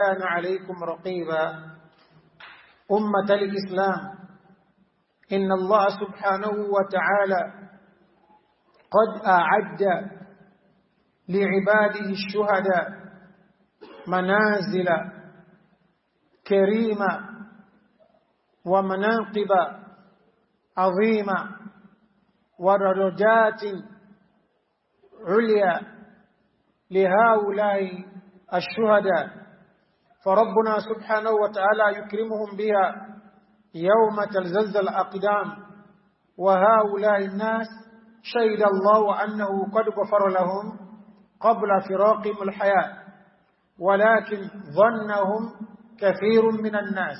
كان عليكم رقيبا أمة الإسلام إن الله سبحانه وتعالى قد أعد لعباده الشهداء منازل كريمة ومناقب عظيمة ورجات عليا لهؤلاء الشهداء فربنا سبحانه وتعالى يكرمهم بها يوم تلزلزل الأقدام وهؤلاء الناس شهد الله أنه قد غفر لهم قبل فراقهم الحياة ولكن ظنهم كثير من الناس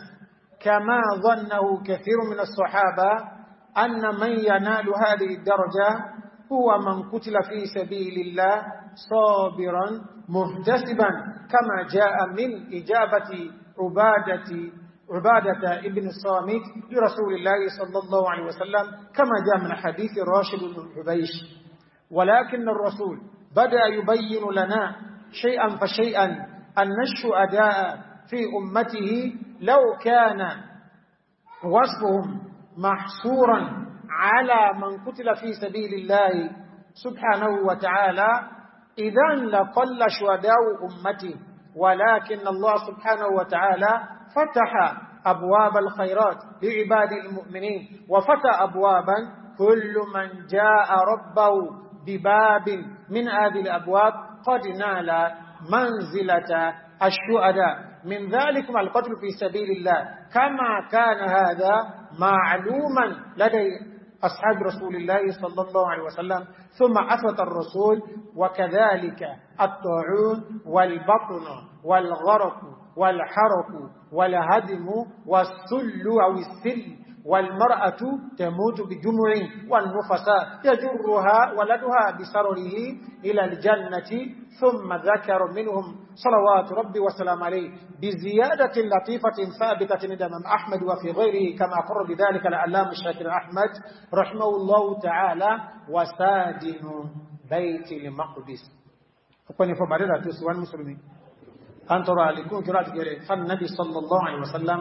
كما ظنه كثير من الصحابة أن من ينال هذه الدرجة هو من قتل في سبيل الله صابرا محتسبا كما جاء من إجابة عبادة عبادة ابن الصامت لرسول الله صلى الله عليه وسلم كما جاء من حديث راشد بن حبيش ولكن الرسول بدأ يبين لنا شيئا فشيئا أن الشهداء في أمته لو كان وصفهم محصورا على من قتل في سبيل الله سبحانه وتعالى إذا لقل شهداء أمتي ولكن الله سبحانه وتعالى فتح أبواب الخيرات لعباد المؤمنين وفتح أبوابا كل من جاء ربه بباب من هذه الأبواب قد نال منزلة الشهداء من ذلك القتل في سبيل الله كما كان هذا معلوما لدي أصحاب رسول الله صلى الله عليه وسلم ثم أثبت الرسول وكذلك الطاعون والبطن والغرق والحرق والهدم والسل أو السل والمرأة تموت بجمع والنفساء يجرها ولدها بسرره إلى الجنة ثم ذكر منهم صلوات ربي وسلام عليه بزيادة لطيفة ثابتة عند من أحمد وفي غيره كما قرر بذلك العلام الشاكر أحمد رحمه الله تعالى وسادن بيت المقدس فقني فبعد تسوى المسلمين أنت رأى لكم كرات غير فالنبي صلى الله عليه وسلم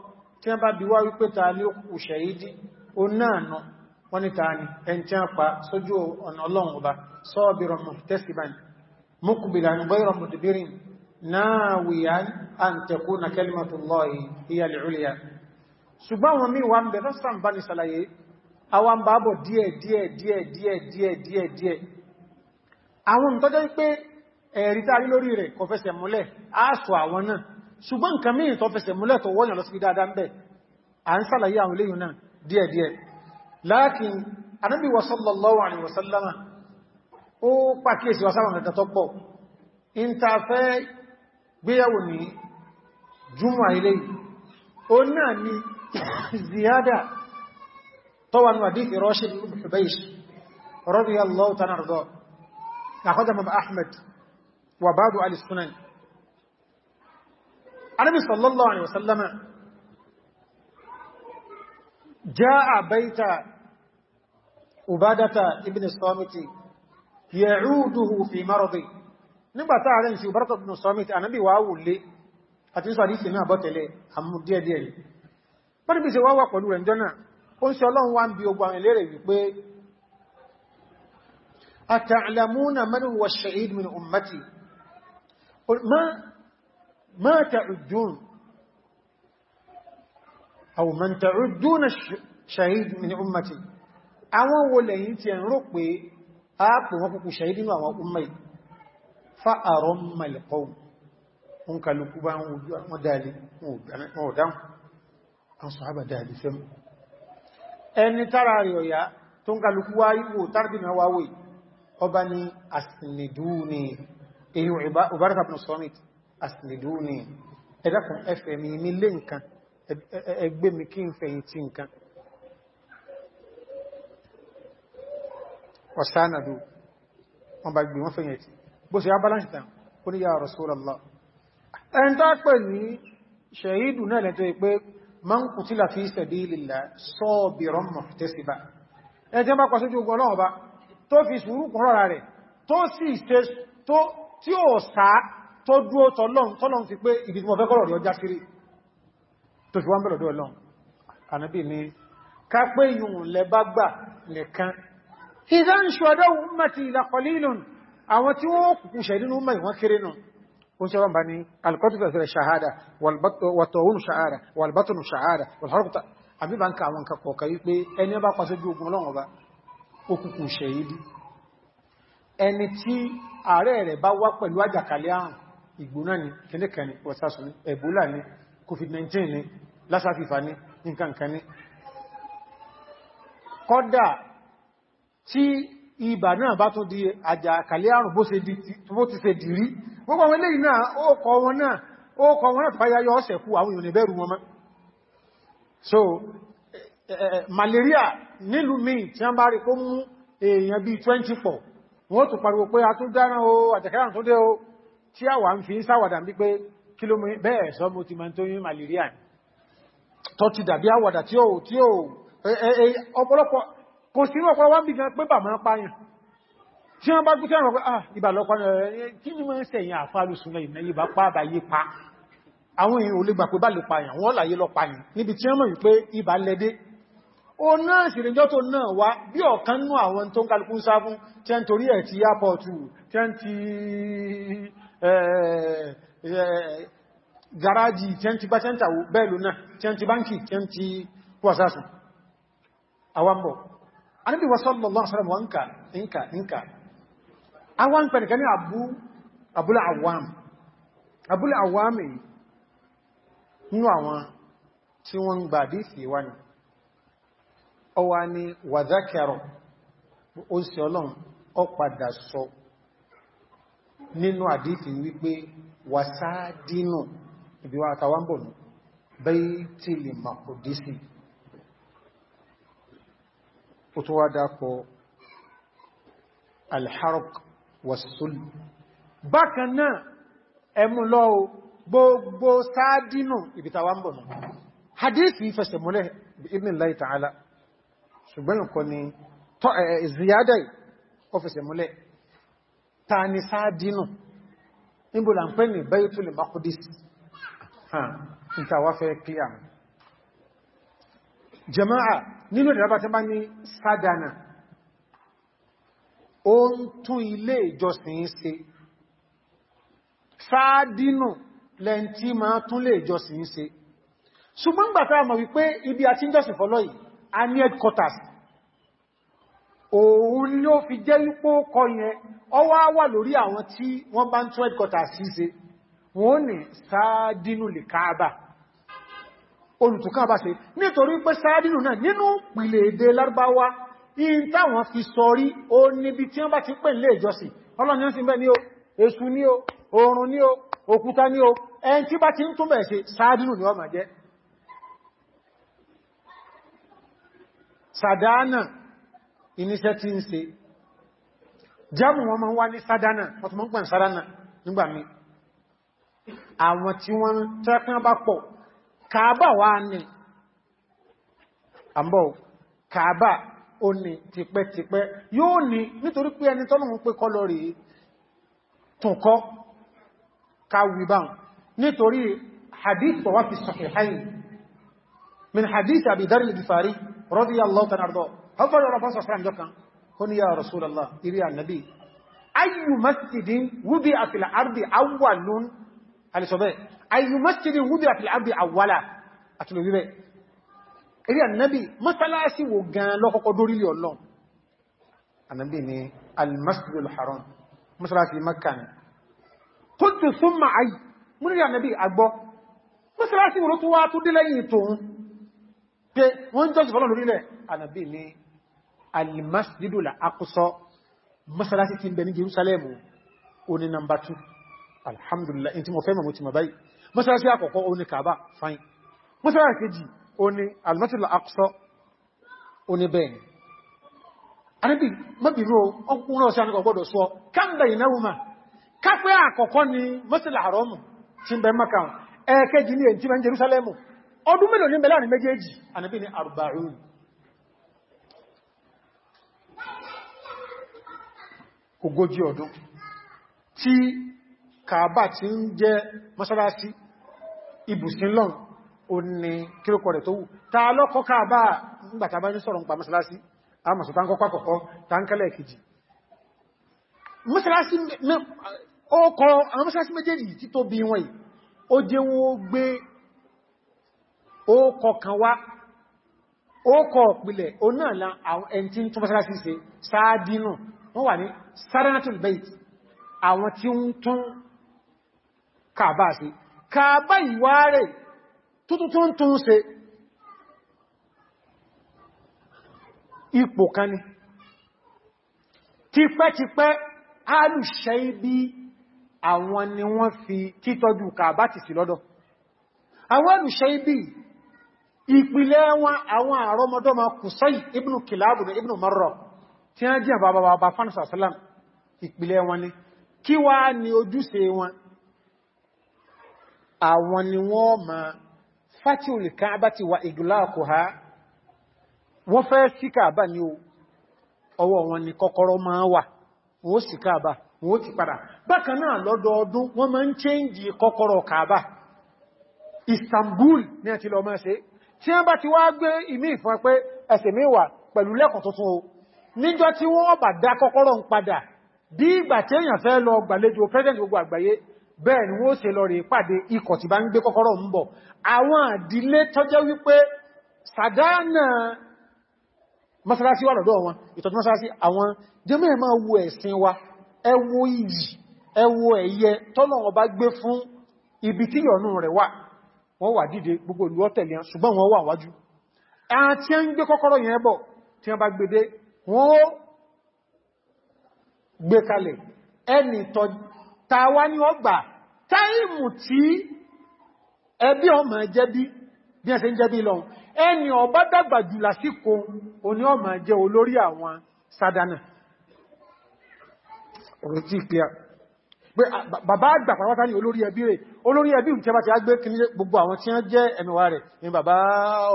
tí wọ́n bá bí wá wípé ta ní òkú ṣẹ̀yídí o náà nà wọ́n ni ta ni ẹni tí wọ́n pa sójú ọ̀nà ọlọ́run ọba sọ́ọ̀bìrọ̀ mọ̀tẹ́sìbàn mọ́kùbìlà ń bọ́ìrọ̀ mọ̀tẹ́bìrin náà wìyà an tẹ̀kú ṣùgbọ́n nǹkan mí tó fẹsẹ̀ múlẹ̀ tó wọ́n yàn lọ sí dáadáa ń bẹ̀ à ń sàlàyé àwọn iléyìn náà díẹ̀díẹ̀ láàkín anábí sallallahu alaihi wasallam ó pàkíyèsí wasáwọn ẹ̀kà tó pọ̀ in ta fẹ́ gbéyàwó ní jùmọ̀ ilé ó náà ni ziyada tó النبي صلى الله عليه وسلم جاء بيت عبادة ابن الصامت يعوده في مرضه نبا تعالى نشي عبادة ابن الصامت النبي واول لي àtúnṣọ́ àdíṣì náà bọ́tẹ̀ lé àmú díẹ̀díẹ̀ rí pọ́nà bí i ṣe wá wà pẹ̀lú rẹ̀ jọ́nà ó ń ma ما تعدون أو من تعدون شهيد من أمتي àwọn wo lẹ́yìn tí ẹ̀rọ pé a pè wọ́n kúkú ṣe nínú àwọn ummai fa'arọ malikau ń kàlùkú bá wọ́n dáadé wọ́n ò dáhùn an sọ haɓa dáadé fẹ́ mú ẹni tara rẹ̀ ọ̀yá tó ń kàlùkú wá ipò tarbina asìlèdúnì ẹ̀dàkùn ẹfẹ̀ mi mi lé nǹkan ẹgbẹ́ mi kí n fẹ̀yìntì nǹkan ọ̀sánàdù wọn bá gbé wọn fẹ̀yìntì bó ṣe abáláṣì tàn ó ní ya Rasulullah ẹn tó pè ní ṣẹ̀hídù náà lẹ́tọ́ pé man qutila fi sabilillah sabiran muhtasiba ẹjẹ́ bá rọ́ra rẹ̀ tó sì ṣe tó tí ó sáà tó dúó tọ́lọ́n fi pé ibi tí kọ́rọ̀ rí ọjá kiri tó fi wọ́n bẹ̀rọ̀dọ́ ọlọ́run ànábì ni ká pé yùn lẹ́bá gbà nìkan ìdá la qalilun àwọn tí wọ́n kùkùn ṣẹ̀dí ní ummati wọ́n kéré nù ó ṣe wọ́n bá ní alkọ́tùfẹ́ fẹ́rẹ̀ ṣàhádà wàtọ̀wọ́nù ṣàhádà wàlbátùnù ṣàhádà wàlhárùkútà àbí bá ń ka àwọn kakọ̀ kàrí pé ẹni bá pàṣẹ bí ogun ọlọ́run ọba ó kùkùn ṣẹ̀yí bí ẹni tí ààrẹ rẹ̀ bá wá pẹ̀lú àjàkálẹ̀ àrùn ìgbóná ni kẹ́lẹ́kẹ́ ni wọ́sásùn ni Ebola ni COVID-19 ni lásàfífà ni nǹkankan ni kọ́dà tí ibà náà bá tún di àjàkálẹ̀ àrùn bó ti ṣe dìrí gbogbo àwọn eléyìí náà ó kọ wọn náà ó kọ wọn náà fàyà yọ ọ̀sẹ̀ kú àwọn èèyàn ìbẹ̀rù wọn mọ́ so malaria nílùú míì tí wọ́n bá rí kó mú èèyàn bí 24 wọ́n o àjàkálẹ̀ àrùn tó o tí a wà ń fi ń sáwàdà bí pé kí ló mú bẹ́ẹ̀ sọ mo ti máa tó yín malaria ni tó ti dàbí àwàdà tí ó tí ó ọ̀pọ̀lọpọ̀ kò sí ọ̀pọ̀ wá bí gan pé bà máa pààyàn tí wọ́n bá gúté àwọn ah pa àwọn èèyàn ò lè gbà pé bá lè pààyàn wọ́n láyé lọ pààyàn níbi tí wọ́n mọ̀ wípé ibà lẹ́dé ó náà Eh, eh, garaji tí a ti gbá bẹ́ẹ̀lú náà tí ti báńkì tí ti awambo anábi wasallallahu ala'uwa wa nka nka nka awam awam wọ́n ń gbàdí sí wá ní ní wàzákẹrọ nínú àdífì wípé wàsádínù ibi wa àtàwàmbò ní Baitul Maqdisi ó tó wá dápọ̀ alharq wasul bákan náà ẹmú lọ́wọ́ gbogbo sáàdínù ibi tàwàmbò ní hadithi fẹsẹ̀múlẹ̀ ibnillahi ta'ala ṣùgbọ́n kò ní ziyadai ó fẹsẹ̀múlẹ̀ ta ni sáàdínù níbo là ń pè ní Baytul Maqdis ìtawà fẹ́ kíyà jama'a nínú ìrẹ́bà tí bá ní sádánà ó ń tún ilé ìjọsìn ṣe sáàdínù lẹ́ntí ma tún lè ìjọsìn ṣe ṣùgbọ́n gbàtà mọ̀ wípé ibi àti ìjọsìn fọ́lọ́ yìí a ní headquarters òun ni ó fi jẹ́ wípó kọ yẹn ọwá wà lórí àwọn tí wọ́n bá ń tún ẹ̀kọ́ta síse wọ́n ní sáàdínú lè káàbà olùtùkáàbà ṣe nítorí pé sáàdínú náà nínú pìlẹ̀ èdè lárúbáwá in táwọn fi sọrí ó níbi tí wọ́n bá ti pè ìjọsìn ọlọ́run ni ó máa iníṣẹ́ tí ń ṣe jámù wọn máa ń wá ní sádánà wọ́n ti mọ́ ń pẹ̀ sádánà nígbà mí àwọn tí wọ́n tẹ́kàn bá pọ̀ kàábà wá ní àmbọ̀ kàábà ó ní tipẹ́tipẹ́ yóò ní nítorí pé ẹni tọ́lọ́run pé kọlọ rí tùnkọ́ káwìbán hadith tó fi sahihayn min hadith Abi Dharr al-Ghifari radiyallahu ta'ala ọgbọ́n ọ̀rọ̀ fọ́sọ̀ fún àjọ kan ó ní ya Rasulullah irí ànàbí ayyu masjidin wúbí àfìlà ardi awwalun alìsọ̀bẹ̀ ayyu masjidin wúbí àfìlà ardi awwala àtìlò wíbẹ̀ irí ànàbí mọ́sálásí wo gan lọ́kọ́kọ́ dórílẹ̀ ọlọ́n ànàbí ni almasjidul haram mọ́sálásí makka ni kúntù súnmà ayì múnirì ànàbí agbọ́ mọ́sálásí wo ló tún wá tún dé lẹ́yìn tòun pé wọ́n jọ́sì fọ́lọ́ lórílẹ̀ ànàbí ni almasjidul aqsa masalasi tí ń bẹ ní jerusalem oní nọmbà 2 alhamdulillah in tí mo fẹ́ mọ̀ tí mo báyìí masalasi àkọ́kọ́ oní kaaba fine masalasi kejì oní almasjidul aqsa oní bẹ́ẹ̀ anábì mọ́bìnú ọkùnrin ọ̀sán ọgbọ́dọ̀ sọ kamba ìnáwùmá kápẹ́ àkọ́kọ́ ni masjidul haramu tí ń bẹ maka ẹ̀kẹ́jì ní ẹ̀ tí bẹ ń jerusalem ọdún mélòó ní bẹ láàrin méjèèjì anábì ní arba'un ogójì ọdún tí kàábà ti ń jẹ́ mọ́sálásí ibùsínlọ́n o ní kírókọ rẹ̀ tó wù ta lọ́kọ́ kàábà nígbàtàbá ní sọ̀rọ̀ nípa mọ́sálásí a mọ̀sọ̀ tá ń kọ́kọ́ kọ̀kọ́ tá ń kẹ́lẹ̀ kejì mọ́sálásí méjèèjì tí tó bí wọ́n yìí ó jẹ́ wọ́n gbé ókọ̀ kan wá ókọ̀ pìlẹ̀ onáà wọ́n wà ní saranatul bait àwọn tí ń tún kàbá sí kàbá ìwárẹ̀ tuntun tún ṣe ipò kan ni tipẹ́tipẹ́ alùṣẹ́ bí àwọn ni wọ́n fi títọ́jú kàbá ti sí lọ́dọ̀ àwọn alùṣẹ́ bí ìpìlẹ̀ wọn àwọn àrọmọdọ́mọ kùsọ́yì ibnu kìláàbù ibnu marra tí a jẹ́ bàbá bàbá fánàsà ìpìlẹ̀ wọn ni kí wá ní ojúṣe wọn àwọn ni wọ́n ma fatiul bá ti wà ìgbìláàkò ha wọ́n fẹ́ síkà káàbá ní ọwọ́ wọn ni kọ́kọ́rọ́ ma wà wọ́n síkà káàbá wọ́n ti padà bákan náà lọ́dọọdún wọ́n ń kọ́kọ́rọ́ Istanbul lọ tí bá ti wá gbé ìmí ìfún tuntun o níjọ́ tí wọ́n bà dá kọ́kọ́rọ́ ń padà bí ìgbà tí èèyàn fẹ́ lọ gbàlejò president gbogbo àgbáyé bẹ́ẹ̀ ni wọ́n ṣe lọ rí pàdé ikọ̀ tí bá ń gbé kọ́kọ́rọ́ ń bọ̀ àwọn àdílé tọ́jẹ́ wípé sàdánà mọ́sálásí wà lọ́dọ̀ wọn ìtọ́jú mọ́sálásí àwọn wa ẹ wo iyì ẹ wo ẹ̀yẹ tọ́nà ọba gbé fún ibi tí yọ̀nù rẹ̀ wà wọ́n wà dìde gbogbo olùwọ́tẹ̀lẹ̀ ṣùgbọ́n wọ́n wà wájú àwọn tí wọ́n yẹn bọ̀ tí wọ́n bá gbé dé wọ́n gbé kalẹ̀ ẹni tọ́ tàwa ní ọgbà táìmù tí ẹbí ọmọ jẹ́bí bí ẹsẹ̀ ń jẹ́bí lọ ẹni ọba dàgbà jù lásìkò oní ọmọ jẹ́ olórí àwọn sádánà ọ̀rọ̀ tí ìpìyà pé ah, bàbá àgbà pàtàkì ní olórí ẹbí rẹ̀ olórí ẹbí ìjẹba ti agbé kí ní gbogbo àwọn tí wọ́n jẹ́ ẹnuwa rẹ̀ ní bàbá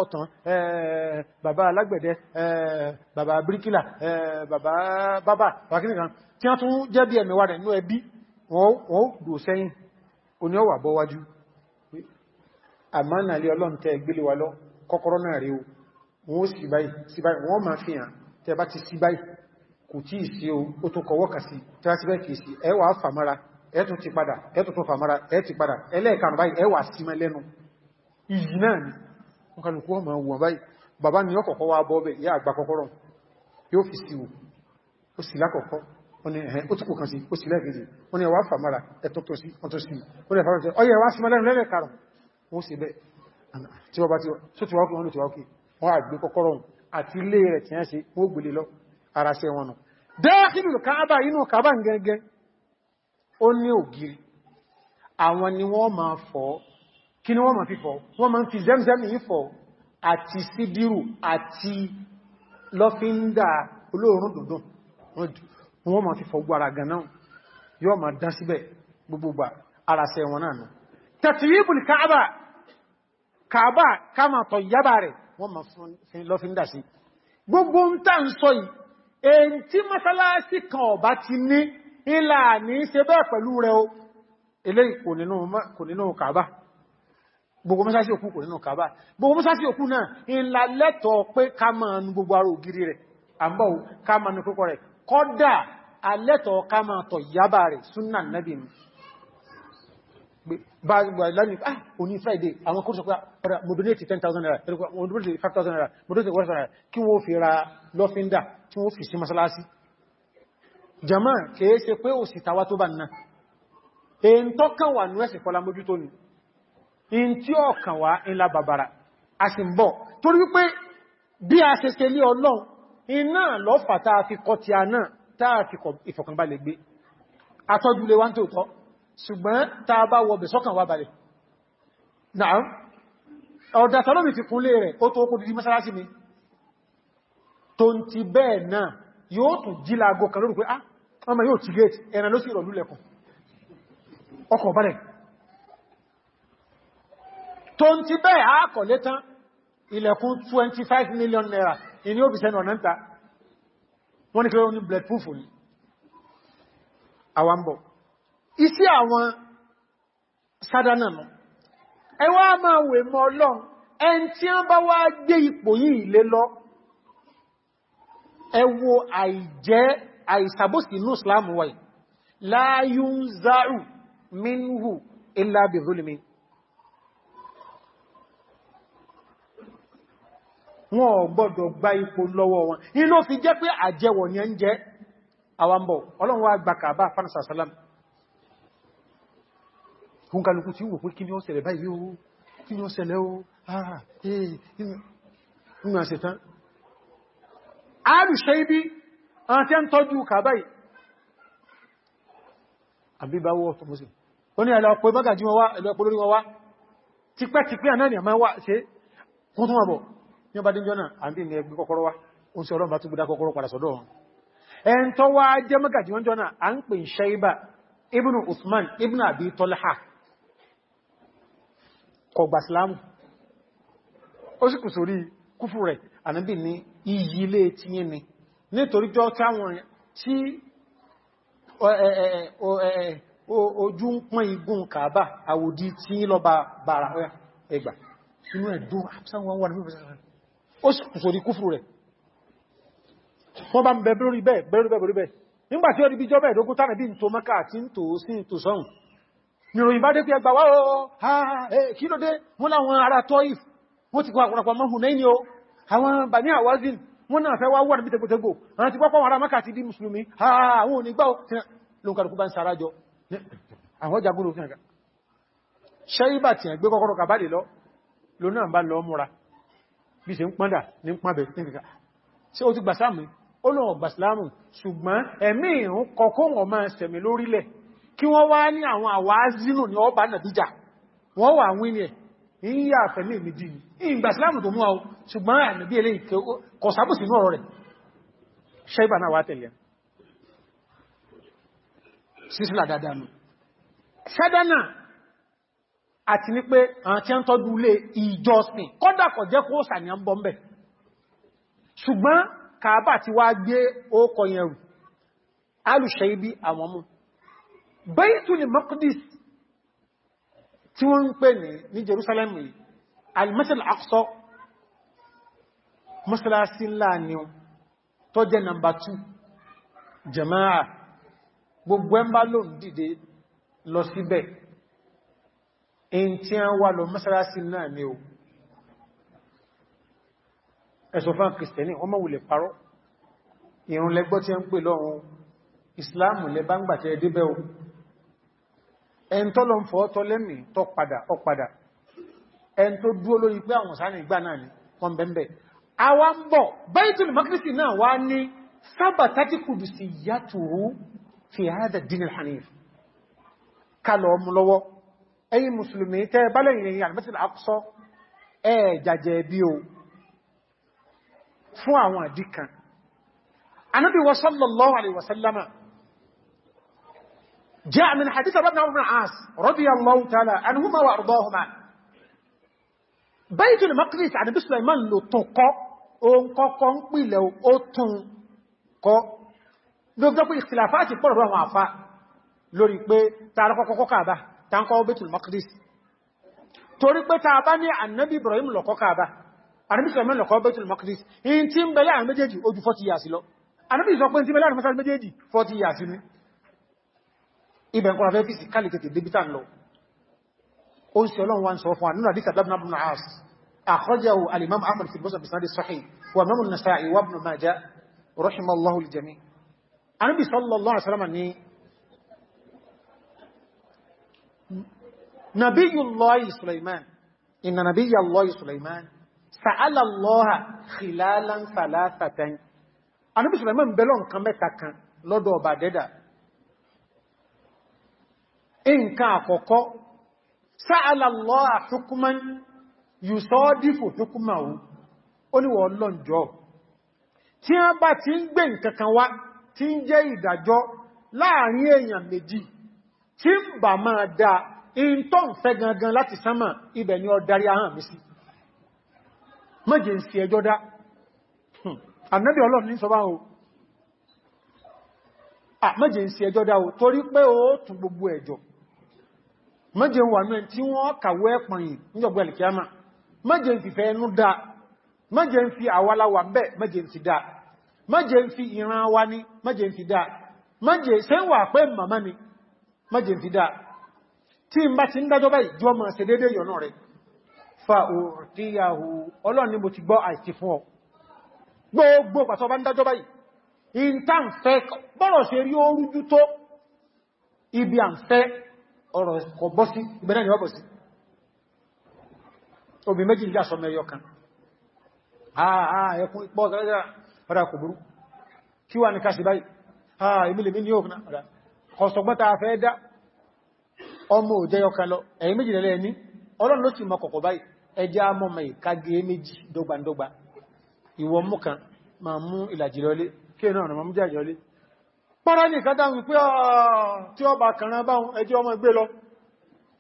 ọ̀tàn eh, bàbá alágbẹ̀dẹ eh, bàbá bíríkìlà eh, bàbá bàbá pàkínìkan tí wọ́n tún jẹ́ bí ẹnuwa rẹ̀ nínú ẹbí wọ́n dò sẹ́yìn oní ọwà bọ́ wájú àmánàlẹ́ ọlọ́ntẹ́ gbélé wa lọ kọ́kọ́rọ́ kò tí sí o tó kọwọ́ kà sí tẹ́lásíbẹ̀kì sí ẹwà fàmára ẹ̀tún ti padà ẹ̀tún tó fàmára ẹ̀tì padà ẹlẹ́ẹ̀kàrùn báyìí ẹwà sí mẹ́lẹ́nu ìyí náà ni wọ́n kàlù kú ọmọ wọn báyìí bàbá ni ọkọ̀kọ́ wá bọ́ọ̀bẹ̀ yá àgbà kọ́kọ́rọ̀ yóò fi sí o ó sì lákọ̀ọ́kọ́ ó tún kò kàn sí ó sì lẹ́ẹ̀kejì wọ́n ni ẹwà fàmára ẹ̀tún tó sí ọ̀tún sí ó lẹ́ fàmára ọyẹ ara ṣe wọn nù dákìlù káàbà inú káàbà gẹ́gẹ́ ó ní ògiri àwọn ni wọ́n máa fọ́ kí ni wọ́n máa fi fọ́ wọ́n máa fi zemzem yìí fọ́ àti sídírù àti lọ́fíndà olóòrùn dùndùn wọ́n máa fi fọ́ gbára ganáà yóò máa dán síbẹ̀ gbogbo ara ṣe wọn náà nù gbogbo ń tà ń sọ yìí èyí tí mọ́sálásí kan ọ̀bá ti ní ilà ní ṣe bẹ́ẹ̀ pẹ̀lú rẹ̀ o eléyìí kò nínú kàbá gbogbo mọ́sálásí òkú kò nínú kàbá gbogbo mọ́sálásí òkú náà ìlà lẹ́tọ̀ pé ká máa nu gbogbo ara ògiri rẹ̀ àmbọ̀ ká máa nu kókó rẹ̀ kọ́dà alẹ́tọ̀ ká máa tọ̀ yábà rẹ̀ súnnà nẹ́bì bá lánìí ah òní friday àwọn kó sọ pé 10,000 naira mo donate 5,000 naira mo donate 1,000 naira kí wọ́n fi ra lọ́fíndà tí wọ́n fi sí masalasi jama kìí ṣe ni in tí ó kàn wá ńlá bàbàrà a sì ń bọ̀ torí pé bí a ṣe ṣe lé ọlọ́run iná lọ́fà tá fi kọ ti a náà tá a fi ìfọ̀kànbalẹ̀ gbé atọ́júlé wá ń tòótọ́ ṣùgbọ́n tàà bá wọ̀bẹ̀ sọ́kàn wà balẹ̀. náà ọ̀dá sọ́lọ́mì ti kúnlé rẹ̀ ó tó kó dìdí mọ́sálásí mi tó ń ti bẹ́ẹ̀ náà yóò tún jílago kan lórí pé ah ọmọ yóò ti gẹ́ẹ̀tì ẹran ló sì rọ̀ lúlẹ̀kùn ọkọ̀ balẹ̀ tó ń million naira ìní ó fi sẹ́nu ọ̀nà ń ta iṣẹ́ àwọn sádánàmù ẹwà máa wè mọ́ ọlọ́run ẹn tí wọ́n bá wá gbé ipò yìí lé lọ ẹwọ àìjẹ́ àìsàbòsì inú islam wáyé láyún záàrù minhu illa bi zulmi wọn ò gbọ́dọ̀ gba ipò lọ́wọ́ wọn inú fi jẹ́ pé àjẹwọ̀ ni ẹ ń jẹ́ àwambọ̀ ọlọ́run wá gbàkàbà fánasàsálàmù fún kálukú tí wò pé kí ní ó ṣẹlẹ̀ báyìí ó kí ní ó ṣẹlẹ̀ ó àà èèyàn nínú àṣetán àrùṣẹ́ ibi àti ẹ́ ń tọ́jú kàbáyì àbíbáwọ́ ọ̀tọ̀ mọ́sí ó ní àlọ́pọ̀ ìbágàjí ni a máa wá ṣe kún tún àbọ̀ ní ọba díjọ́ náà àbí ní ẹgbẹ́ kọ́kọ́rọ́ wá ó sì ọlọ́mbà tó gbúdá kọ́kọ́rọ́ padà ibnu Usman ibnu Abi Tolha kọgbà sílámù ó sì kù sórí kúfù rẹ̀ ànábì ní iyì ilé tí yín ni nítorí jọ táwọn tí ojú ń pọ́n igun kàábà àwòdí tí lọ bá bàrà ẹgbà inú ẹ̀dùn àpísáwọn wà ní ó sì kù sórí kúfù rẹ̀ wọ́n bá ń bẹ̀ bẹ̀rù bẹ̀ bẹ̀rù bẹ̀ nígbàtí ó rí bí jọ́ bẹ̀ẹ̀dógún tánàbí nìròyìn bá dé pé ẹgbà wá o kí ló dé wọ́n láwọn ará tọ́ìf wọ́n ti kọ àpapọ̀ mọ́ Hunaini o àwọn Bani Hawazin wọ́n náà fẹ́ wá wà níbi tẹgbẹ̀tẹgbò àwọn ti pọ́pọ̀ ara Mákà ti di mùsùlùmí àwọn onígbà lóǹkàrùkú bá ń sarajọ àwọn jagun òfin àgbà ṣẹ́yíbà tí ẹgbẹ́ kọ́kọ́rọ́ kàbálè lọ ló náà bá lọ múra bí ṣe ń pọ́ndà ní pàbẹ̀ nígbà ṣe ó ti gbàsáàmù ó lọ́wọ́ kí wọ́n wá ní àwọn àwázínù ní ọba nàbíjà wọ́n wà wí ní ẹ̀ ń yà fẹ̀mí mi dì ní ìgbà ìsìláàmù tó mú ọ ṣùgbọ́n ànàbí ilé kọ̀sábùsì ní ọ̀rọ̀ rẹ̀ ṣẹ́bà náà wá tẹ̀lẹ̀ sísílà dáadáa nù ṣẹ́dánà àti ní pé àwọn tí a ń alùṣẹ́ ibi àwọn mú Baitul Maqdis tí wọ́n ń pè ní ní Jerusalem yìí al-Masjid al-Aqsa mọ́sálásí ńlá ni ó tó jẹ́ nàmbà 2 jama'a gbogbo ẹmbá ló ń dìde lọ síbẹ̀ in tí a wà lọ mọ́sálásí náà ni ó ẹ̀sọ̀ fún kìrìsìtẹ̀ní wọ́n mọ́ wùlẹ̀ parọ́ ìrùn lẹ́gbọ́ tí a ń pè lọ́run Islamu lẹ́bàǹgbà tẹ́ débẹ̀ ohun ẹn tó lọ ń fọ́ tọ́ lẹ́mì tọ́ padà ọpadà ẹn tó dúó lórí pé àwọn sáà ní ìgbà náà ni wọ́n bẹ̀m̀bẹ̀ àwa ń bọ̀ Baitul Maqdis náà wá ní sábàtàtì qudusiyyatuhu fi hadha ad-din al-hanif kalọ̀ ọmọ lọ́wọ́ ẹ̀yin mùsùlùmí tẹ́ bálẹ̀yìn ẹ̀yìn al-Masjid al-Aqsa ẹ̀ jàjẹ̀ bí o fún جاء من حديث ابن عمرو بن العاص رضي الله تعالى عنهما وارضاهما بيت المقدس عن ابي سليمان لو تنقو اون كوكو نبيله او تون كو لو جاء اختلافات pọ̀ ro àwọn afa lórí pé ta ra kọ́kọ́ Kaaba ta nko Baitul Maqdis torí pé ta bá ní Annabi Ibrahim ló kọ́ Kaaba Annabi Sulaiman ló kọ́ Baitul Maqdis in tin bele an méjèèjì ojú 40 years lọ Annabi sọ pé tin bele an méjèèjì 40 years ni ibẹ̀ kọ́ra fẹ́ fìsì kálì tètè débítà lọ ó ń se ọlọ́run wa ń sọ fún ànúnà díkà dábìnà bin as àkọjáwò alimam ahmad fi bọ́sà bisanadi sahih wa mamu nasa'i wa ibn majah rahimallahu aljami anubi sallallahu alaihi wasallam ni nabiyullahi sulaiman inna nabiyallahi sulaiman sa'ala allaha khilalan salasatan anubi sulaiman bẹ̀lọ́ nǹkan mẹ́ta kan lọ́dọ̀ nǹkan àkọ́kọ́ sáàlàlọ́ àtúkúmán yùsọ́dífò túkúmàwó oníwọ̀ ọlọ́njọ́ tí a bá ti ń gbé nǹkankan wá tí ń jẹ́ ìdájọ́ láàrin èèyàn méjì tí ń bà máa dá in tó ń fẹ́ gangan láti sánmà ibẹ̀ ni ọ darí ahàn mi sí mọ́jẹ̀ ń sí ẹjọ́ dá hmm. ànábì ọlọ́run ní sọ bá o mọ́jẹ̀ ń sí ẹjọ́ dá o torí pé ó tún gbogbo ẹjọ́ mẹ́jẹ wà náà tí wọ́n kàwẹ́ pàyìn níjọ̀gbẹ́ alìkíyàmà mẹ́jẹ ń fi fẹ́ ẹnu dá mẹ́jẹ ń fi àwàláwà bẹ́ mẹ́jẹ ń fi dá mẹ́jẹ ń fi ìran wa ní mẹ́jẹ ń fi dá mẹ́jẹ sẹ́wà pẹ́ màmá ni mẹ́jẹ ń fi dá tí ń bá ti ń dájọ́ báyìí jọ máa ṣe dédé yọ̀nà rẹ̀ fa òrùtíyàwó ọlọ́run ibi à ń fẹ́ ọ̀rọ̀ kọ bọ́ sí ìbẹ̀rẹ̀ ni wọ́n bọ̀ sí obì méjì ìjà sọ mẹ́yọ kan àà ah, ah, ẹkùn pọ̀ ọ̀gá ọ̀dá kò burú kí wà ní káṣì báyìí àà ìmìlì mi ní òkúnná ọ̀dá kọ̀sọ̀gbọ́ta fẹ́ dá ọmọ òjẹyọ kan lọ ẹ̀yìn méjì lẹ́lẹ́ ní ọlọ́run ló ti mọ kọ̀kọ̀ pọ́rọ́ nìkan dáhùn pé ah, tí ó bá kànrán báhùn ẹjọ́ ọmọ gbé lọ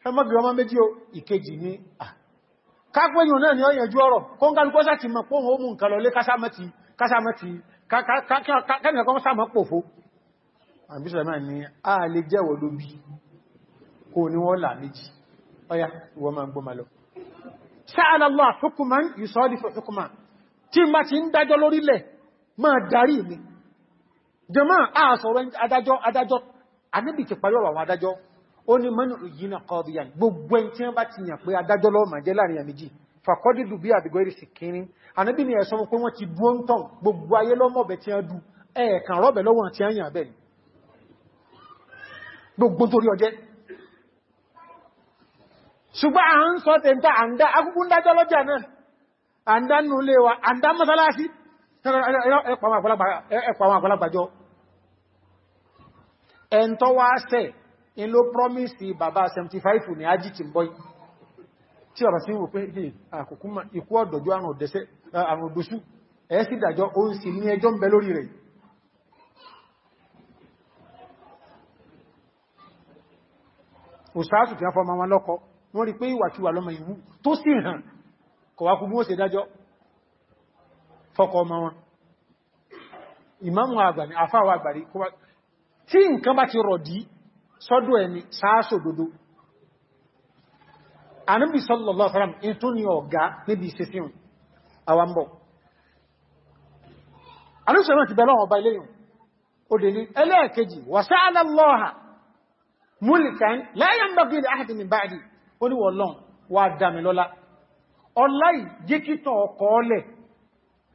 ẹmọ́gbé ọmọ méjì o ìkejì ní à kápẹ́yùn náà ni ó yẹjú ọ̀rọ̀ kó ń kálukọ́ sáti mọ̀ pọ́hùn ó mú nǹkan lọ lé kásámẹ́tì kásámẹ́tì kẹ́mìkan sáàmọ́ pòfó àbísọ̀lẹ́mà ni a lè jẹ́wọ̀ lóbi kò ní wọ́n là méjì ọya ìwọ jẹmọ́ àṣọ̀rọ̀ adájọ́ adájọ́ anẹ́bì ti parí ọ̀rọ̀ àwọn adájọ́ ó ní mọ́nà òyìnà kọ́ọ̀dìyà gbogbo ẹn tí wọ́n bá ti yàn pé adájọ́ lọ́wọ́ màá jẹ́ láàrin àmìjì fàkọ́dìdù bí àbìgọ́ ìrìsì kínní anẹ́bì ni ẹ̀sọ́ pé wọ́n ti bú ń tàn gbogbo ayé lọ́mọ̀bẹ̀ tí wọ́n du ẹ̀ẹ̀kan rọ́bẹ̀ lọ́wọ́ tí wọ́n yàn bẹ́ẹ̀ gbogbo torí ọjẹ́ ṣùgbọ́n à ń sọ tẹ̀ntà àǹdá akúkú ń dájọ́ lọ́jà náà àǹdá nulẹ̀ wa àǹdá mọ́sálásí ẹ̀pàwọn ẹ̀ntọ́ wá sẹ́ in ló promise bàbá 75 ní ají tí ń bọ́ tí bàbá sí wò pé àkùkú ma ikú ọ̀dọ̀jọ́ àrùn òdòṣù ẹ̀ sí ìdàjọ́ ó ń sì ní ẹjọ́ ń bẹ lórí rẹ̀ òsáàtù tí wọ́n fọ́ ma wọn lọ́kọ wọ́n rí pé ìwàkiwà lọ́mọ ìwú tó sì hàn kọ̀wàkú bí ó ṣe dájọ́ fọ́kọ ọmọ wọn ìmáàmù àgbàní àfáwà àgbàrí tí nǹkan bá ti rọ̀dí sọ́dọ̀ ẹni sáásò dodo Ànábì sallallahu alaihi wasallam in tó ní ọ̀gá níbi ìsẹsìn àwambọ̀ Ànábì sallallahu ti bẹ̀rẹ̀ ọba ilé yìí ó dé ní ẹlẹ́ẹ̀kejì wa sa'ala Allaha mulkan la yanbaghi li ahadin min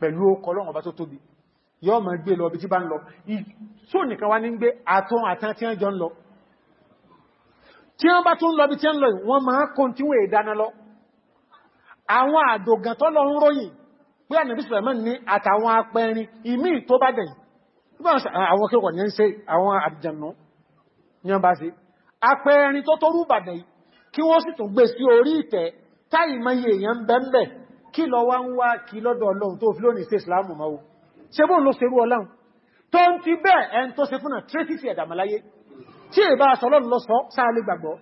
pẹ̀lú ọkọ̀ ọlọ́run ọba tó tóbi yọ́ mọ̀ gbé lọ bí tí bá ń lọ tó nìkan wá ní gbé àtọ́ àtán tí wọ́n jọ ń lọ tí wọ́n bá tó ń lọ bí tí wọ́n lọ wọ́n máa kó tí wọ́n èdáná lọ àwọn àdògàn tọ́lọ ń ròyìn pé ànàbí Sulaiman ní àtàwọn apẹrin ìmí tó bá dẹ̀yìn kí lọ wá ń wá kí lọ́dọ̀ ọlọ́run tó fi lónìí sí ìsìláàmù máa ṣe bóòn ló serú ọlọ́run tó ń ti bẹ́ẹ̀ ẹn tó se fúnà tréfífì ẹ̀dàmàláyé tí è bá sọ lọ́nà lọ́sọ sáàlé gbàgbọ́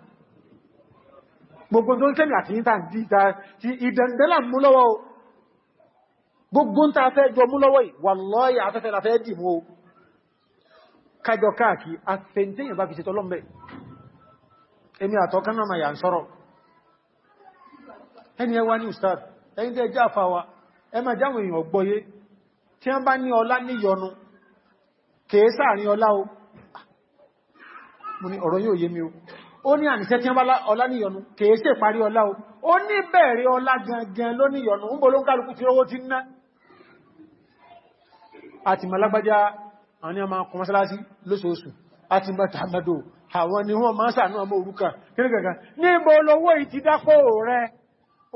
gbogbo tó ń tẹ́mì àti yíta ti ìdẹ̀ndẹ́là mú lọ́wọ́ gbogbo ta fẹ́ jọ mú lọ́wọ́ wàlọ́yà afẹ́fẹ́ la fẹ́ dì mú kájọ káàkiri afẹ́ntẹ́yìn bá fi ṣe tọ́lọ́m̀bẹ̀ ẹni àtọ́kánnà ma yà ẹwà ní ustadì ẹ̀yin tẹ́ jáfà wa ẹ máa jáwọn èèyàn gbọ́yé tí wọ́n bá ní ọlá níyọnu kèé sáàrin ọlá o mo ní ọ̀rọ̀ yóò yé mi o ó ní àníṣẹ́ tí wọ́n bá ọlá níyọnu kèé sì parí ọlá o ó ní bẹ̀rẹ̀ ọlá gangan ló níyọnu ń bolóń kálukú ti rówó ti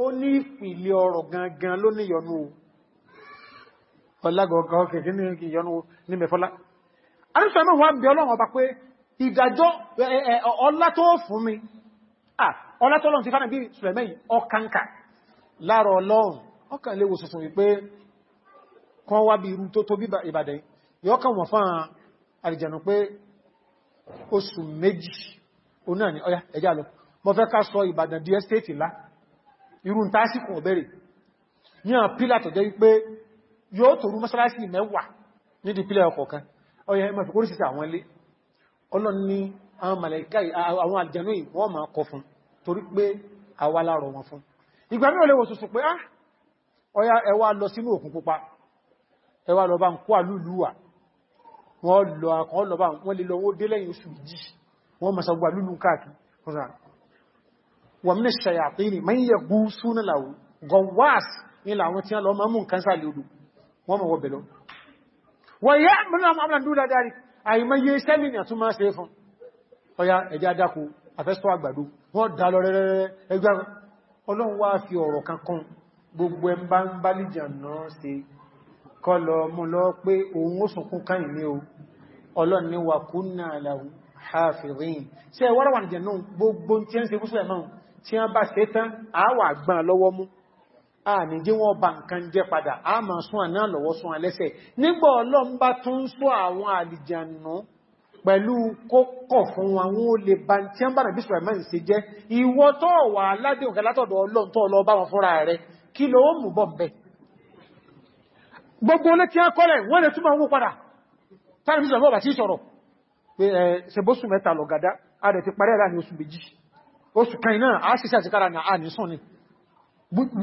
ó ní ìpìlẹ̀ ọ̀rọ̀ gangan ló ní ìyọnu ọlágọ̀ọ̀gọ̀ kèkè ní ìyọnu ní mẹ́fọ́lá arúsọ̀mọ́ wà bí ọlọ́run ọba pé ìdájọ́ ọlá tó fún mi ọlá tó lọ́n ti fánà bí sùlẹ̀mẹ́yì ọkànkà láàrọ̀ ọlọ́run ọkàn lè wò sọ̀sọ̀ wípé kan wá bí irú tó tó bí ìbàdẹ̀ yọ́kàn wọ̀n fán àrìjànà pé oṣù méjì irun tásíkò ọ̀bẹ̀rẹ̀ ní àwọn pílà tọ̀jẹ́ wípé yóò tòrú mọ́sálásí mẹ́wàá nídi pílà ọkọ̀ọ̀kan ọyẹ ẹmọ̀ ìfòkórí síta àwọn ilé ọlọ́n ní àwọn màlàíkà àwọn àlùjànnú wọ́n máa kọ fún torí pé àwa la rọ̀ wọn fún ìgbà mí ò lè wò sùsù pé ah ọya ẹ wá lọ sínú òkun wà mí ṣayàtíni man yaghusuna lahu gọwàs ní làwọn tí wọ́n lọ máa mú nǹkan sáà lè odò wọ́n mọ̀ wọ́bẹ̀ lọ wọ́n yá mìíràn àmàlà dúdà dárí àìmọye sẹ́lì ní àtúnmá ṣe fún ọya ẹ̀dẹ́ adákò afẹ́sọ́ àgbàdo wọ́n dá lọ wà kúnnà àlàhù tí wọ́n bá ṣe tán àwà àgbọn lọ́wọ́ mú a ní jí wọ́n bá nǹkan jẹ́ padà a máa sún àná lọ́wọ́ sún alẹ́sẹ̀ nígbà ọlọ́run bá tún sún àwọn àlìjànú pẹ̀lú kókọ̀ fún wọn ó lè bá tí wọ́n bá nàbí sùlẹ̀mán ṣe jẹ́ ìwọ tó wà aládé òkè látọ̀dọ̀ ọlọ́run tó lọ bá wọn fúnra rẹ̀ kí oṣù kan náà a ṣiṣẹ́ àti kára náà ní sùn ní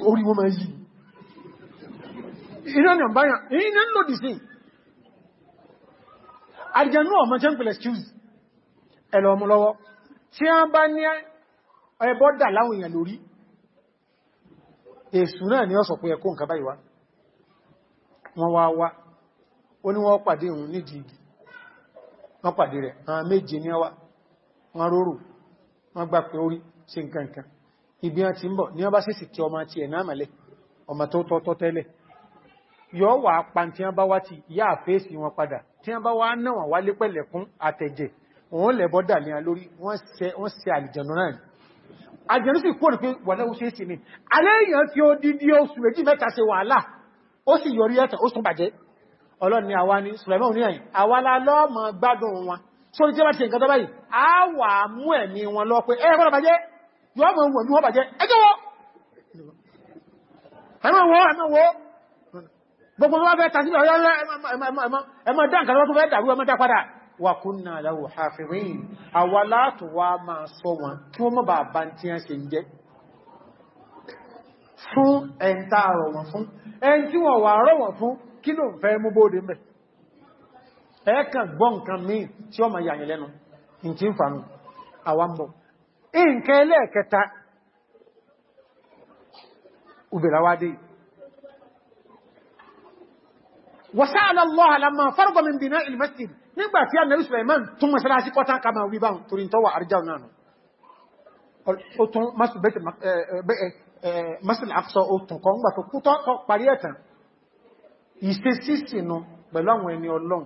orí wọ́n máa yìí iná ni ọ̀báyàn iná ń lòdì sí àjẹ́nú ọmọ jẹ́ ń pẹ̀lẹ̀ excuse ẹ̀lọ ọmọ lọ́wọ́ tí a bá ní ẹbọ́ dà láwọn èèyàn lórí èsù náà ni ó sọ pé ẹkó nǹkan báyìí wá wọ́n wá wá ó ní wọ́n gbà pé orí sí nǹkankan ibi wọn ti ń bọ̀ ní wọ́n bá sì sì kí ọmọ ti ẹ̀ náà mẹ́lẹ̀ ọmọ tó tọ́tọ́ tẹ́lẹ̀ yọ wà pa tí wọ́n bá wá ti yá àfẹ́sì wọn padà tí wọ́n bá wá náà wà wálé pẹ̀lẹ̀kún àtẹ̀jẹ̀ wọ́n lẹ̀bọ́ dàlẹ́ lórí wọ́n ṣe àlìjànú náà àjẹ́rú sì kó nípé ni aléèyàn tí ó dídí oṣù àyìn àwa lọ́ọ̀mọ̀ gbádùn wọn so ní tí a bá ṣe nǹkan tó báyìí a wà mú ẹ̀mí wọn lọ pé ẹ̀rọ bàjẹ́ yọ́ mọ̀ wọ̀n ní wọ́n bàjẹ́ ẹjọ́ wọ́ ẹmọ̀wọ́ ẹmọ̀wọ́ gbogbo wọ́n fẹ́ tàbí ọ̀yọ́ ẹmọ̀ dá nǹkan tó fẹ́ dàrú ẹmọ̀ dá padà wà kúnnà aláwò hafizin àwa látò wá máa sọ wọn kí wọ́n mọ́ bá bá tí wọ́n ṣe ń jẹ́ fún ẹ̀ntà rọ̀ wọ̀n fún ẹ̀ntí wọ̀n wà rọ̀ wọ̀n fún kí ló ń fẹ́ mú bóde mẹ́ ẹ̀ẹ́kàn gbọ́ nǹkan míì tí ó ma yàyìn lẹ́nu ìtí ń fàánù àwambọ̀. ìǹkẹ́ ẹlẹ́ẹ̀kẹta ubìlàwádé wàsáàlá Allah lamma fargọ min bina al-masjid nígbàtí annabi Sulaiman tún masalasi kọta kama wíbá torí tọwà àríjáun náà ó tún masu bẹ́tẹ̀ masu al-Aqsa ó tún kọ́ ń gbà parí ẹ̀tàn ìsẹ́sí sínú pẹ̀lú àwọn ẹni Ọlọ́run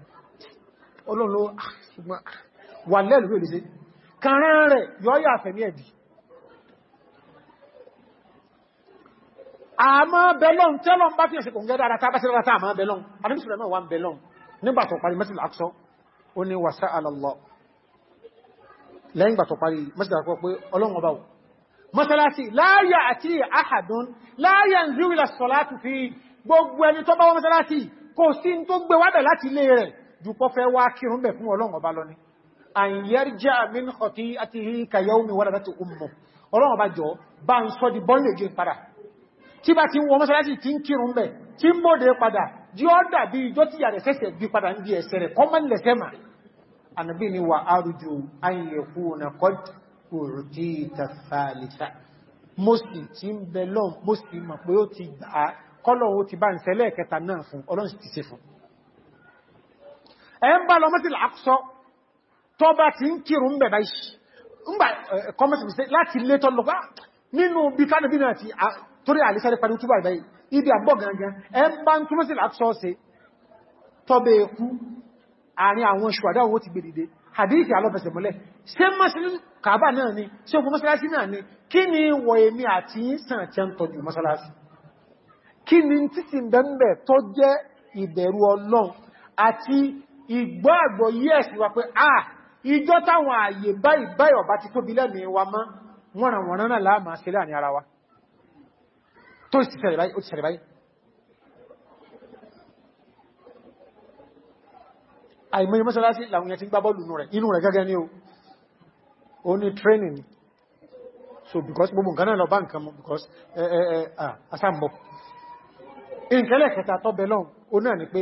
ọlọ́lọ́ ah, wà lẹ́lú rẹ̀ lẹ́sẹ̀ kàrán rẹ̀ yọ́ yà fẹ̀mí ẹ̀dì àmọ́ bẹ̀lọ́n tẹ́lọ́n bá fíyànṣe kò ń gẹ́dà àtàbá sí rátà àmọ́ bẹ̀lọ́n adébísìlẹ̀ náà wà ń bẹ̀lọ́n nígbà tó parí mẹ́sìlẹ̀ àkṣọ́ ó ní wàsá àlọ́lọ́ lẹ́yìn gbà tó parí mẹ́sìlẹ̀ àkọ́ pé ọlọ́run ọba mọ́sálásí láyà àti àhàdún láyà ń zúwìlà sọ̀látù fi gbogbo ẹni tó bá wọ́n mọ́sálásí kò sí tó gbé wádà láti ilé rẹ̀ ju kọ́ fẹ́ wá kírun bẹ̀ fún ọlọ́run ọba lọ ni àyẹ́rìjá min ọ̀tí àti ìkàyà omi wọ́n láti ọmọ ọlọ́run ọba jọ bá ń sọ di bọ́ọ̀lù èjì padà tí bá ti wọ́n mọ́sálásí tí ń kírun bẹ̀ tí mọ́dẹ̀ padà jí ó dàbí ìjọ tí yàrẹ̀ sẹ́sẹ̀ bí padà ń di ẹ̀sẹ̀ rẹ̀ kọ́mọ́ ẹ ń bá lọ mọ́sílì àkúsọ́ tó bá ti ń kírù ń bẹ̀bá ìṣì ńgbà kọmọsí pèsè láti lé tọ́ lọ ah, nínú bí kánàbí ibi àgbọ́ gangan ẹ ń bá ń túnmọ́ sí àkúsọ́ ṣe tọ́bẹ̀ hadithi alọ́fẹsẹ̀ mọ́lẹ̀ ṣe mọ́sílì kàbà náà ni ṣe ogun mọ́sálásí náà ni kí ni wọ èmi àti ìsàn tí a ń tọ́jú mọ́sálásí kí títí bẹ́m̀bẹ̀ tó jẹ́ ìbẹ̀rù ọlọ́run àti ìgbọ́ àgbọ̀ yes wà pé ah ìjọ táwọn àyè báyìí báyìí ọ̀bá ti tóbi lẹ́mìí wa mọ́ wọ́n ràn wọ́n rán náà láàmà sí láàrin ara wa tó sì ṣẹlẹ̀ báyìí àìmọye mọ́sálásí làwọn yẹn ti gbá bọ́ọ̀lù inú rẹ̀ inú rẹ̀ gẹ́gẹ́ ní o ó ní training so because gbogbo nǹkan náà lọ bá nǹkan mọ́ because eh, eh, eh, asambọ̀ ah, ìkẹ́lẹ̀ kẹta tọ́bẹ̀ lọ́n ó náà ni pé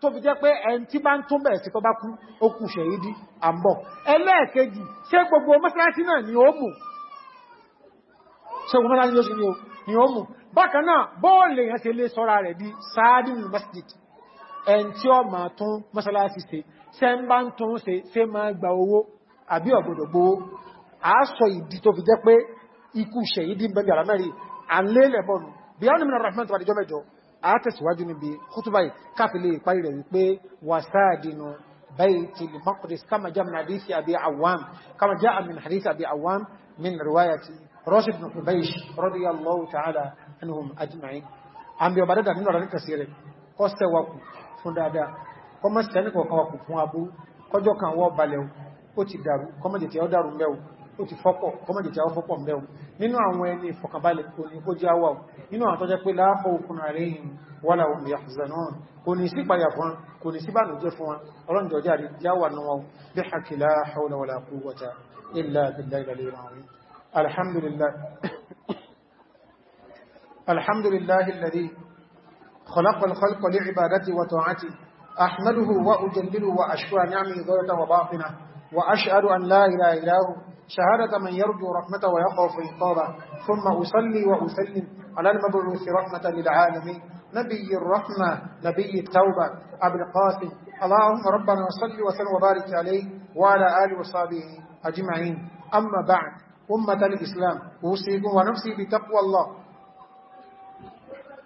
tó fi jẹ́ pé ẹn tí bá ń tún bẹ̀rẹ̀ sí tó bá kú ó kù ṣẹ̀yídí àmbọ̀ ẹlẹ́ẹ̀kejì ṣé gbogbo mọ́sálásí náà ni ó mú ṣe gbogbo mọ́sálásí ni ó mú bákan náà bóòlè yẹn ṣe lé sọ́ra rẹ̀ bí sáàdínù masjid ẹn tí ó máa tún mọ́sálásí ṣe ṣe ń bá ń tún ṣe ṣe máa gba owó àbí ọ̀gbọ̀dọ̀ gbowó a sọ ìdí tó fi jẹ́ àtẹ̀síwájú níbi kútùbà yìí káfílẹ̀ ìparí rẹ̀ wípé wàsáàdínú بيت المقدس كما جاء من حديث أبي عوام كما جاء من حديث أبي عوام من رواية راشد بن قبيش رضي الله تعالى عنهم أجمعين عم بيبرد من رأيك كثيرة قصت وقو فندادا كما استنك وقوقو فوابو kọjọ́ kan wọ́ balẹ̀ ó ti dàrú kọmọ̀dé tí ó dàrú mẹ́wọ̀ ó ti fọ́pọ̀ kọmọ̀ jẹ́ jáwọ́ fọ́pọ̀ mẹ́wọ́ nínú àwọn ẹni fọkànbalẹ̀ kò jẹ́ àwọ̀ nínú àwọn tọ́jẹ́ pé láàpọ̀ òkun àríyìn wọ́la omi yahzanun kò ní sí payà fún kò ní sí bá nùjẹ́ fún wọn ọlọ́njọ́ jẹ́ àrí jáwà náà bí hakila haula wala quwwata illa wa ta'ati ahmaduhu شهادة من يرجو رحمته ويخاف عقابه ثم أصلي وأسلم على المبعوث رحمة للعالمين نبي الرحمة نبي التوبة أبو القاسم اللهم ربنا صلي وسلم وبارك عليه وعلى آله وصحبه أجمعين أما بعد أمة الإسلام أوصيكم ونفسي بتقوى الله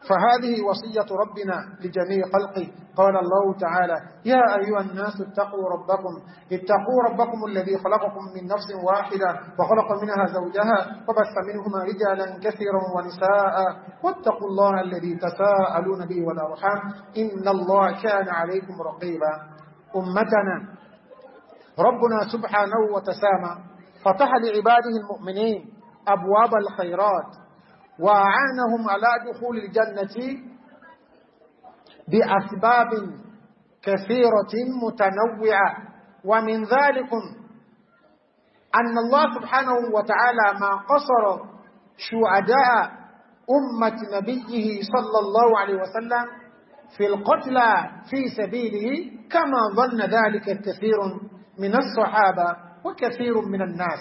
فهذه وصية ربنا لجميع خلقه قال الله تعالى يا أيها الناس اتقوا ربكم اتقوا ربكم الذي خلقكم من نفس واحدة وخلق منها زوجها وبث منهما رجالا كثيرا ونساء واتقوا الله الذي تساءلون به والأرحام إن الله كان عليكم رقيبا أمتنا ربنا سبحانه وتسامى فتح لعباده المؤمنين أبواب الخيرات وأعانهم على دخول الجنة بأسباب كثيرة متنوعة ومن ذلك أن الله سبحانه وتعالى ما قصر شهداء أمة نبيه صلى الله عليه وسلم في القتلى في سبيله كما ظن ذلك كثير من الصحابة وكثير من الناس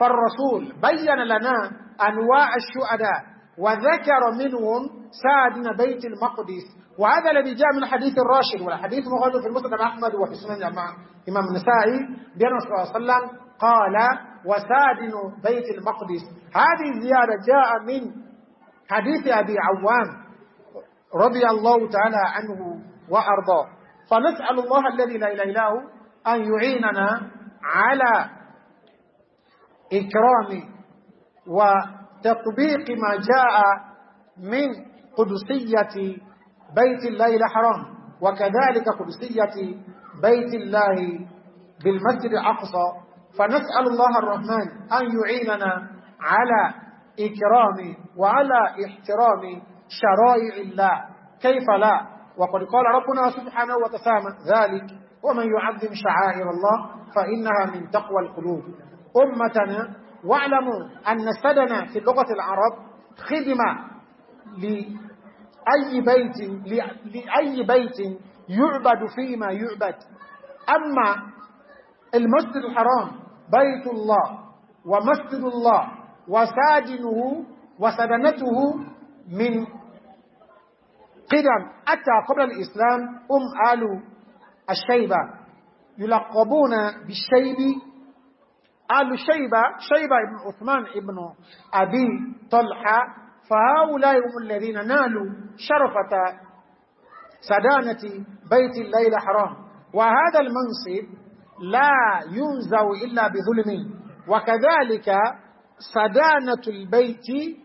فالرسول بين لنا أنواع الشهداء وذكر منهم سعد بن بيت المقدس وهذا الذي جاء من حديث الراشد والحديث مخرج في المسند احمد وفي سنن امام النسائي بان صلى الله عليه وسلم قال وسادن بيت المقدس هذه الزيادة جاء من حديث أبي عوام رضي الله تعالى عنه وأرضاه فنسأل الله الذي لا إله إلا هو أن يعيننا على إكرام و تطبيق ما جاء من قدسية بيت الله الحرام وكذلك قدسية بيت الله بالمسجد الأقصى فنسأل الله الرحمن أن يعيننا على إكرام وعلى احترام شرائع الله كيف لا وقد قال ربنا سبحانه وتعالى ذلك ومن يعظم شعائر الله فإنها من تقوى القلوب أمتنا واعلموا أن السدنة في اللغة العرب خدمة لأي بيت لأي بيت يعبد فيما يعبد أما المسجد الحرام بيت الله ومسجد الله وسادنه وسدنته من قدم أتى قبل الإسلام أم آل الشيبة يلقبون بالشيب آل شيبة شيبة ابن عثمان ابن أبي طلحة فهؤلاء هم الذين نالوا شرفة سدانة بيت الليل حرام وهذا المنصب لا ينزو إلا بظلم وكذلك سدانة البيت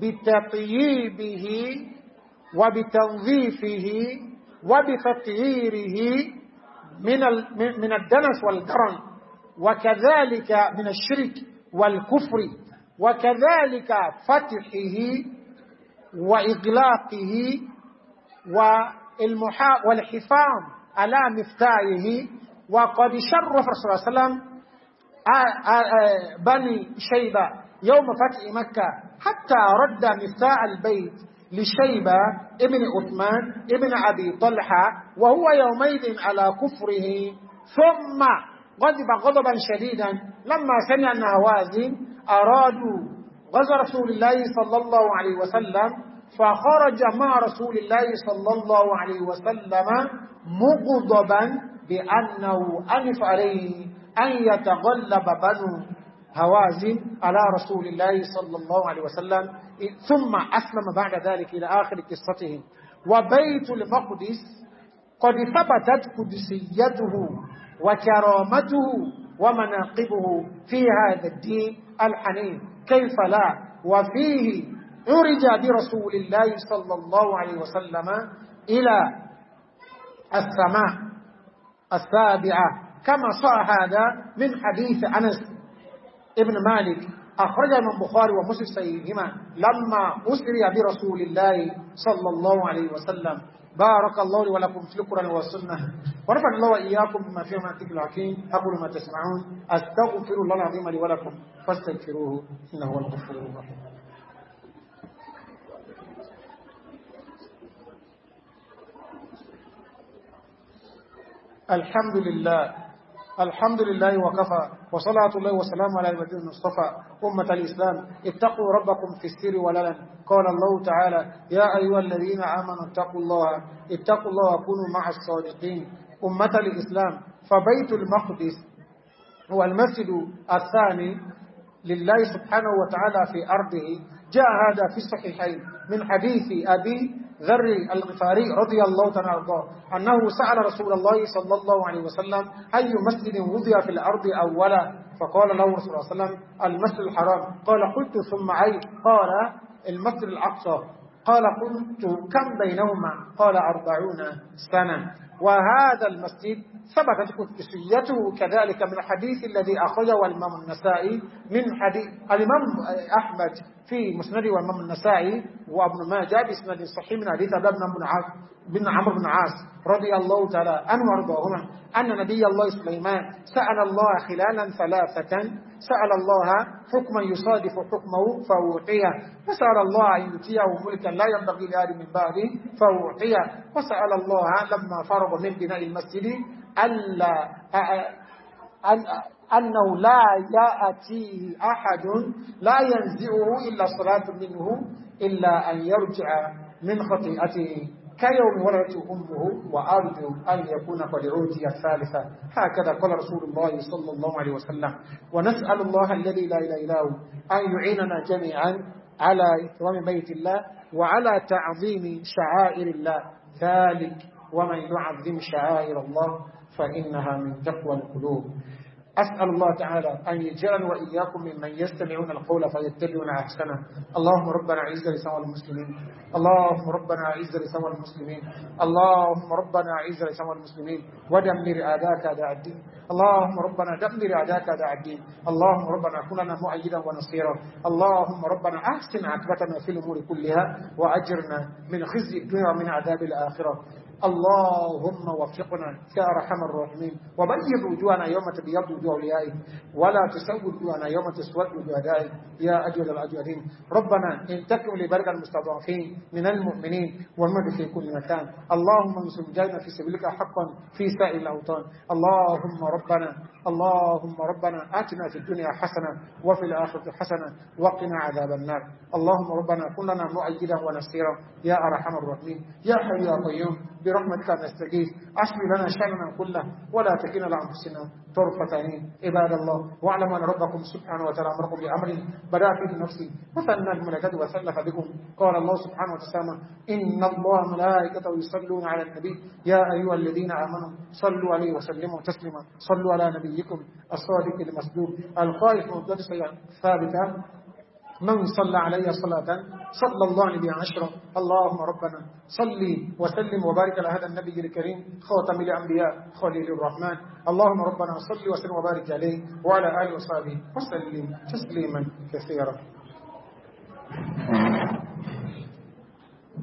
بتطييبه وبتنظيفه وبتطهيره من من الدنس والقرن وكذلك من الشرك والكفر وكذلك فتحه وإغلاقه والحفاظ على مفتاحه وقد شرف صلى الله عليه وسلم بني شيبة يوم فتح مكة حتى رد مفتاح البيت لشيبة ابن عثمان ابن أبي طلحة وهو يومئذ على كفره ثم غضب غضبا شديدا لما سمع النهوازن أرادوا غزو رسول الله صلى الله عليه وسلم فخرج مع رسول الله صلى الله عليه وسلم مغضبا بأنه أنف عليه أن يتغلب بنو هوازن على رسول الله صلى الله عليه وسلم ثم أسلم بعد ذلك إلى آخر قصتهم وبيت المقدس قد ثبتت قدسيته وكرامته ومناقبه في هذا الدين الحنين كيف لا وفيه عرج برسول الله صلى الله عليه وسلم إلى السماء السابعة كما صاع هذا من حديث أنس ابن مالك أخرج من بخاري ومسلم سيدهما لما أسري برسول الله صلى الله عليه وسلم بارك الله لي ولكم في القرآن والسنة ونفع الله وإياكم بما فيه من الذكر العظيم أقول ما تسمعون أستغفر الله العظيم لي ولكم فاستغفروه إنه هو الغفور الرحيم الحمد لله الحمد لله وكفى وصلاة الله وسلام على المدين المصطفى أمة الإسلام اتقوا ربكم في السير وللن قال الله تعالى يا أيها الذين آمنوا اتقوا الله اتقوا الله وكونوا مع الصادقين أمة الإسلام فبيت المقدس هو المسجد الثاني لله سبحانه وتعالى في أرضه جاء هذا في الصحيحين من حديث أبي ذر الغفاري رضي الله تعالى عنه أنه سأل رسول الله صلى الله عليه وسلم أي مسجد وضع في الأرض أولا فقال له رسول الله صلى الله عليه وسلم المسجد الحرام قال قلت ثم أي قال المسجد الأقصى قال قلت كم بينهما قال أربعون سنة وهذا المسجد ثبتت قدسيته كذلك من الحديث الذي أخرجه الإمام النسائي من حديث الإمام أحمد في مسند والإمام النسائي وابن ماجه بإسناد صحيح من حديث عبد بن عاص بن عمرو بن عاص رضي الله تعالى عنه وارضاهما أن نبي الله سليمان سأل الله خلالا ثلاثة سأل الله حكما يصادف حكمه فأوعيه وسأل الله أن يؤتيه ملكا لا ينبغي لآدم من بعده فأوعيه وسأل الله لما فرغ الحرم ومن بناء المسجد ألا أن أنه لا يأتيه أحد لا ينزعه إلا صلاة منه إلا أن يرجع من خطيئته كيوم ولدت أمه وأرجو أن يكون قد عودي الثالثة هكذا قال رسول الله صلى الله عليه وسلم ونسأل الله الذي لا إله إلا هو أن يعيننا جميعا على إكرام بيت الله وعلى تعظيم شعائر الله ذلك ومن يعظم شعائر الله فإنها من تقوى القلوب أسأل الله تعالى أن يجعل وإياكم ممن يستمعون القول فيتبعون أحسنه اللهم ربنا أعز لسوى المسلمين اللهم ربنا أعز لسوى المسلمين اللهم ربنا أعز لسوى المسلمين ودمر أعداءك أعداء الدين اللهم ربنا دمر أعداءك أعداء الدين اللهم ربنا كن لنا مؤيدا ونصيرا اللهم ربنا أحسن عاقبتنا في الأمور كلها وأجرنا من خزي الدنيا ومن عذاب الآخرة اللهم وفقنا يا أرحم الراحمين وبيض وجوهنا يوم تبيض وجوه أوليائك ولا تسود وجوهنا يوم تسود وجوه اعدائك يا أجود الأجودين ربنا ان تكن لبرك المستضعفين من المؤمنين والمد في كل مكان اللهم انصر جاينا في سبيلك حقا في سائر الأوطان اللهم ربنا اللهم ربنا آتنا في الدنيا حسنة وفي الآخرة حسنة وقنا عذاب النار اللهم ربنا كن لنا مؤيدا ونصيرا يا أرحم الراحمين يا حي يا قيوم برحمتك نستجيب أشفي لنا شأننا كله ولا تكلنا لأنفسنا طرفة عين عباد الله واعلم أن ربكم سبحانه وتعالى أمركم بأمر بدأ فيه نفسي وثنى الملكة وسلف بكم قال الله سبحانه وتعالى إن الله ملائكته يصلون على النبي يا أيها الذين آمنوا صلوا عليه وسلموا تسليما صلوا على نبيكم الصادق المسدود الخائف مبدد ثابتا من صلى علي صلاة صلى الله عليه عشرة اللهم ربنا صلي وسلم وبارك على هذا النبي الكريم خاتم الأنبياء خليل الرحمن اللهم ربنا صلي وسلم وبارك عليه وعلى آله وصحبه وسلم تسليما كثيرا